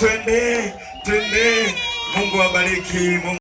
Twende, twende. Mungu Mungu.